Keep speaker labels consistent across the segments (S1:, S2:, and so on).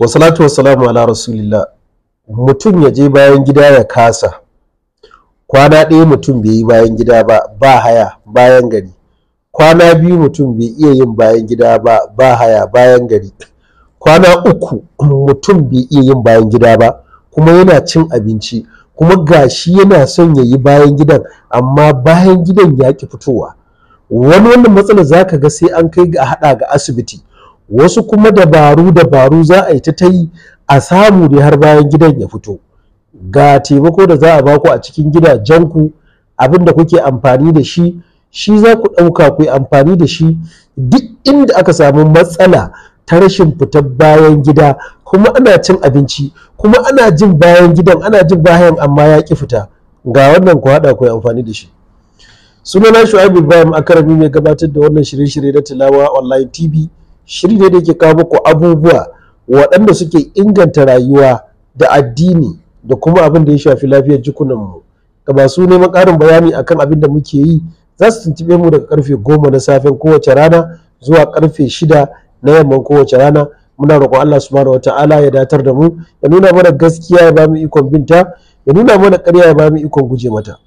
S1: wasalatu wasalamu ala rasulillah mutum ya je bayan gida ya kasa kwana ɗaya mutum bai yi bayan gida ba ba haya bayan gari kwana biyu mutum bai iya yin bayan gida ba ba haya bayan gari kwana uku mutum bai iya yin bayan gida ba kuma yana cin abinci kuma gashi yana son ya yi bayan gidan amma bayan gidan ya ki fitowa wani wannan matsalar zaka ga sai an kai ga haɗa ga asibiti wasu kuma dabaru dabaru za a yi ta yi a samu ne har bayan gidan ya fito ga taimako da za a baku a cikin gidajenku abin da kuke amfani da shi shi za ku ɗauka ku yi amfani da shi duk inda aka samu matsala ta rashin fitar bayan gida kuma ana cin abinci kuma ana jin bayan gidan ana jin bayan amma ya ƙi fita ga wannan ku haɗa ku yi amfani da shi sunana shu'aibu ibrahim akarami mai gabatar da wannan shirye-shirye na tilawa online tv Shirya ne da yake kawo muku abubuwa waɗanda suke inganta rayuwa da addini da kuma abin da ya shafi lafiyar jikunanmu ga masu neman ƙarin bayani akan abin da muke yi za su tuntube mu daga karfe goma na safen kowace rana zuwa karfe shida na yamman kowace rana muna roƙon Allah subhanahu wata'ala ya datar da mu ya nuna mana gaskiya ya bamu ikon binta ya nuna mana ƙarya ya bamu ikon guje mata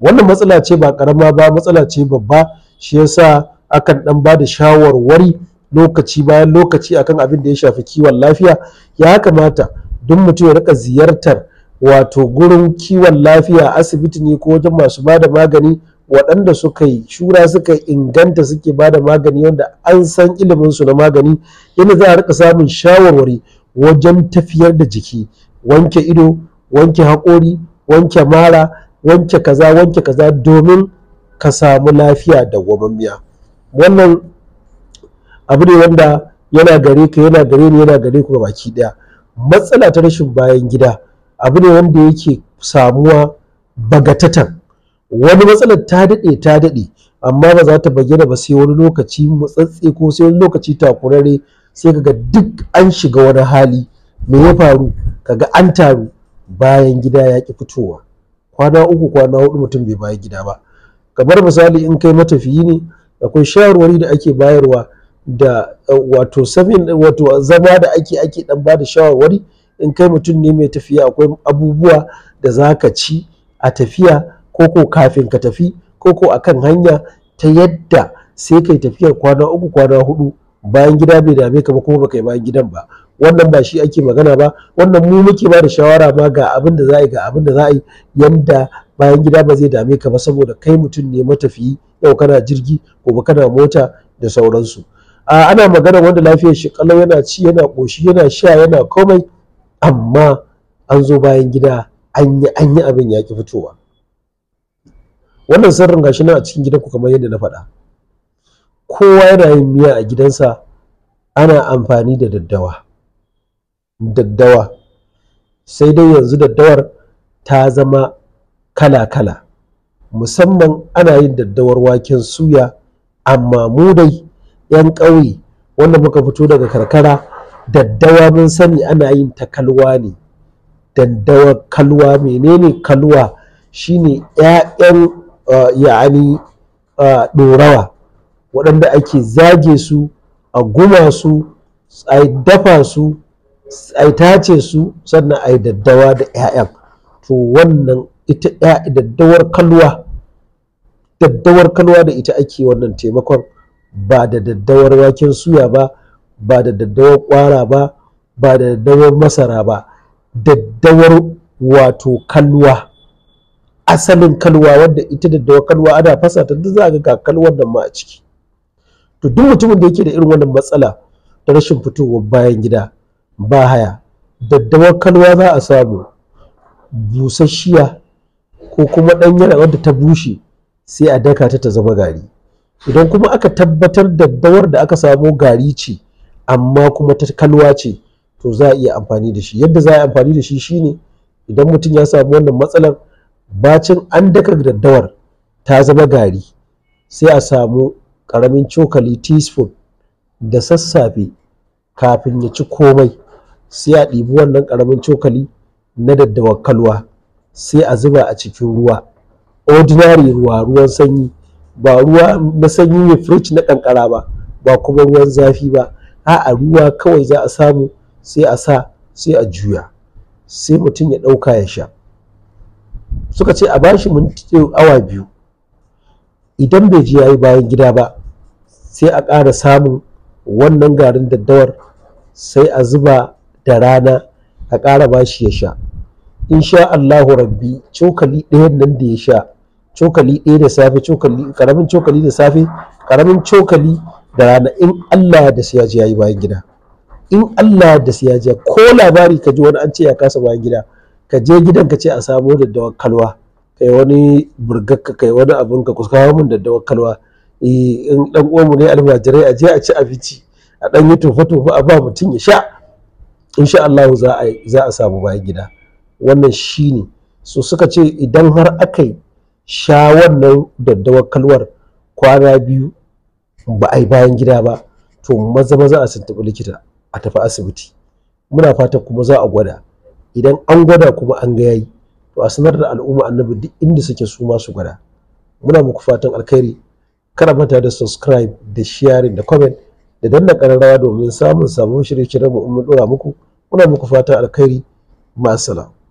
S1: wannan matsala ce ba karama ba matsala ce babba shi yasa akan ɗan ba da shawarwari lokaci bayan lokaci akan abin da ya shafi kiwon lafiya ya kamata duk mutum ya rika ziyartar wato gurin kiwon lafiya asibiti ne ko wajen masu ba da magani waɗanda suka yi shura suka inganta suke ba da magani wanda an san ilimin su na magani yadda za a rika samun shawarwari wajen tafiyar da jiki wanke ido wanke haƙori wanke mara wanke kaza wanke kaza domin ka samu lafiya da gwamammiya wannan abu ne wanda yana gare ka yana gare ni yana gare ku baki daya matsala ta rashin bayan gida abu ne wanda yake samuwa bagatatan wani matsalar ta daɗe ta daɗe amma ba za ta bayyana ba sai wani lokaci matsatse ko sai wani lokaci takurare sai kaga duk an shiga wani hali me ya faru kaga an taru bayan gida ya ki fitowa kwana uku kwana hudu mutum bai bayan gida ba kamar misali in kai matafiyi ne akwai shawarwari da ake bayarwa da eh, wato wato zama da ake ake dan ba da shawarwari in kai mutum ne mai tafiya akwai abubuwa da za ka ci a tafiya ko kafin ka tafi ko a akan hanya ta yadda sai kai tafiyar kwana uku kwana hudu bayan gida bai dame ka ba kuma baka yi bayan gidan ba wannan ba shi ake magana ba wannan mu muke ba da shawara ma ga abin da za a ga abin da za yi yanda bayan gida ba zai dame ka ba saboda kai mutum ne matafiyi yau kana jirgi ko kana mota da sauransu ana magana wanda lafiyar shi kalau yana ci yana ƙoshi yana sha yana komai amma an zo bayan gida an yi abin ya fitowa wannan sirrin gashi nan a cikin gidan ku kamar yadda na faɗa kowa yana yin miya a gidansa ana amfani da daddawa daddawa sai dai yanzu daddawar ta zama kala-kala musamman ana yin daddawar waken suya amma mu dai 'yan ƙauye wanda muka fito daga karkara daddawa mun sani ana yin ta kalwa ne daddawa kalwa menene kalwa shine ƴaƴan ya'ani ɗorawa waɗanda ake zage su a guma su a dafa su a tace su sannan a daddawa da ƴaƴan to wannan ita daddawar kalwa daddawar kalwa da ita ake wannan taimakon ba da daddawar waken suya ba ba da daddawar kwara ba ba da daddawar masara ba daddawar wato kalwa asalin kalwa wadda ita daddawar kalwa ana fasa ta duk za ga kalwar nan ma a ciki to duk mutumin da yake da irin wannan matsala ta rashin fitowar bayan gida ba haya daddawar kalwa za a samu busasshiya ko kuma ɗanyar wadda ta bushe sai a daka ta ta zama gari idan kuma aka tabbatar da dawar da aka samo gari ce amma kuma ta kalwa ce to za a iya amfani da shi yadda za a yi amfani da shi shine idan mutum ya samu wannan matsalar bacin an daka daddawar ta zama gari sai a samu karamin cokali teaspoon da sassafe kafin ya ci komai sai a ɗibi wannan karamin cokali na daddawar kalwa sai a zuba a cikin ruwa ordinary ruwa ruwan sanyi ba ruwa na sanyi ne fridge na kankara ba ba kuma ruwan zafi ba a ruwa kawai za a samu sai a sa sai a juya sai mutum ya ɗauka ya sha suka ce a bashi minti awa biyu idan bai ji yayi bayan gida ba sai a ƙara samun wannan garin daddawar sai a zuba da rana a ƙara bashi ya sha insha Allahu rabbi cokali ɗayan nan da ya sha cokali ɗaya da safe cokali karamin cokali da safe karamin cokali da rana in Allah da su ya ji yayi bayan gida in Allah da su ya ko labari ka ji wani an ce ya kasa bayan gida ka je gidan ka ce a samo da kalwa kai wani burgakka kai wani abin ka kuskawa mun da kalwa eh, in dan mu ne almajirai a je a ci abinci a dan yi tofa tofa a ba mutum ya sha insha Allah za a za a samu bayan gida wannan shine so suka ce idan har aka yi sha wannan daddawar kalwar kwana biyu ba a yi bayan gida ba to maza maza a tuntuɓi likita a tafi asibiti muna fatan kuma za a gwada idan an gwada kuma an ga yayi to a sanar da al'umma annabi duk inda suke su ma su gwada muna muku fatan alkhairi kada manta da subscribe da sharing da comment da danna kararrawa domin samun sabon shirye-shiryen mu in mun dora muku muna muku fatan alkhairi ma'assalam